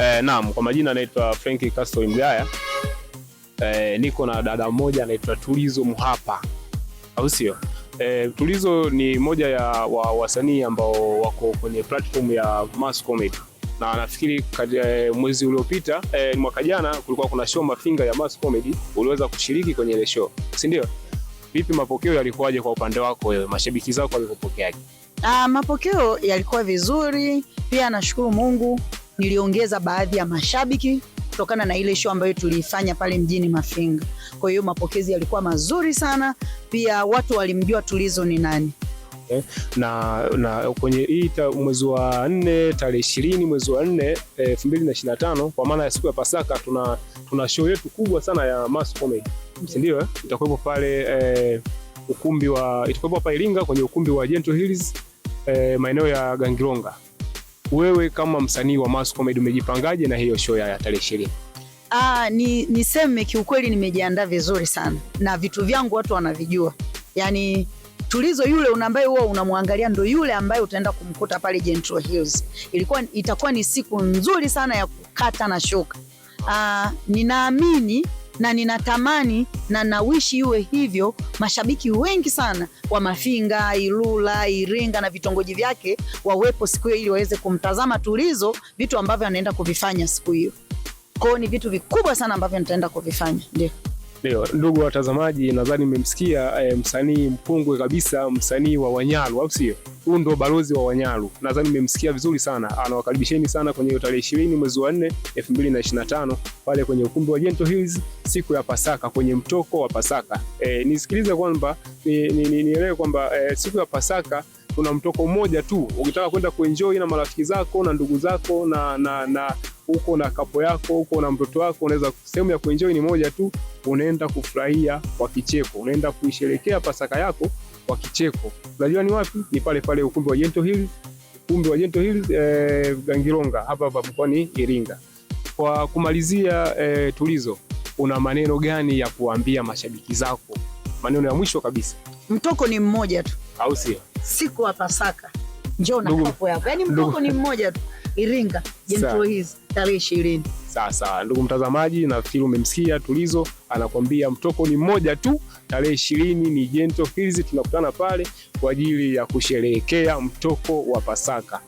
Eh, naam, kwa majina anaitwa Frank Castro Mgaya. Eh, niko na dada mmoja anaitwa Tulizo Muhapa, au sio? Eh, Tulizo ni moja ya wa, wasanii ambao wako kwenye platform ya mass comedy na nafikiri e, mwezi uliopita e, mwaka jana kulikuwa kuna show Mafinga ya mass comedy, uliweza kushiriki kwenye ile show, si ndio? Vipi, mapokeo yalikuwaje kwa upande wako wewe, mashabiki zako walikupokeaje? Ah, mapokeo yalikuwa vizuri pia, nashukuru Mungu niliongeza baadhi ya mashabiki kutokana na ile show ambayo tuliifanya pale mjini Mafinga. Kwa hiyo mapokezi yalikuwa mazuri sana, pia watu walimjua Tulizo ni nani. Okay. Eh, na, na kwenye hii mwezi wa nne tarehe ishirini mwezi wa nne eh, elfu mbili na ishirini na tano kwa maana ya siku ya Pasaka tuna, tuna show yetu kubwa sana ya mass comedy si mm-hmm. ndio? Okay. Eh? Itakuwepo pale eh, ukumbi wa itakuwepo hapa Iringa kwenye ukumbi wa Gentle Hills eh, maeneo ya Gangironga wewe kama msanii wa mass comedy umejipangaje na hiyo show ya tarehe ishirini? Ah, ni niseme kiukweli, nimejiandaa vizuri sana na vitu vyangu watu wanavijua, yani Tulizo yule ambaye huwa unamwangalia ndo yule ambaye utaenda kumkuta pale Gentle Hills. Ilikuwa itakuwa ni siku nzuri sana ya kukata na shoka. Ah, ninaamini na ninatamani na nawishi iwe hivyo. Mashabiki wengi sana wa Mafinga, Ilula, Iringa na vitongoji vyake wawepo siku hiyo, ili waweze kumtazama Tulizo, vitu ambavyo anaenda kuvifanya siku hiyo. Kwao ni vitu vikubwa sana ambavyo nitaenda kuvifanya, ndio. Ndio, ndugu watazamaji, nadhani mmemsikia e, msanii mpungwe kabisa, msanii wa Wanyalu, au sio? huu ndo balozi wa Wanyaru, nadhani mmemsikia vizuri sana. Anawakaribisheni sana kwenye hiyo tarehe ishirini mwezi wa nne elfu mbili na ishirini na tano pale kwenye ukumbi wa Gentle Hills siku ya Pasaka, kwenye mtoko wa Pasaka. E, nisikilize kwamba nielewe kwamba e, siku ya Pasaka kuna mtoko mmoja tu. Ukitaka kwenda kuenjoy na marafiki zako na ndugu zako na na na uko na kapo yako uko na mtoto wako, unaweza sehemu ya kuenjoy ni moja tu, unaenda kufurahia kwa kicheko, unaenda kuisherekea Pasaka yako wa kicheko. Unajua ni wapi? Ni pale pale ukumbi wa Jento Hills, ukumbi wa Jento Hills eh, Gangilonga hapa hapa mkoani Iringa. Kwa kumalizia eh, Tulizo, una maneno gani ya kuambia mashabiki zako, maneno ya mwisho kabisa? Mtoko ni mmoja tu, au sio? Siku wa Pasaka njoo na hapo hapo, yaani mtoko ni mmoja tu, Iringa Jento Hills tarehe 20. Sasa ndugu mtazamaji, nafikiri umemsikia Tulizo anakwambia mtoko ni mmoja tu, tarehe ishirini ni Gentle Hills, tunakutana pale kwa ajili ya kusherehekea mtoko wa Pasaka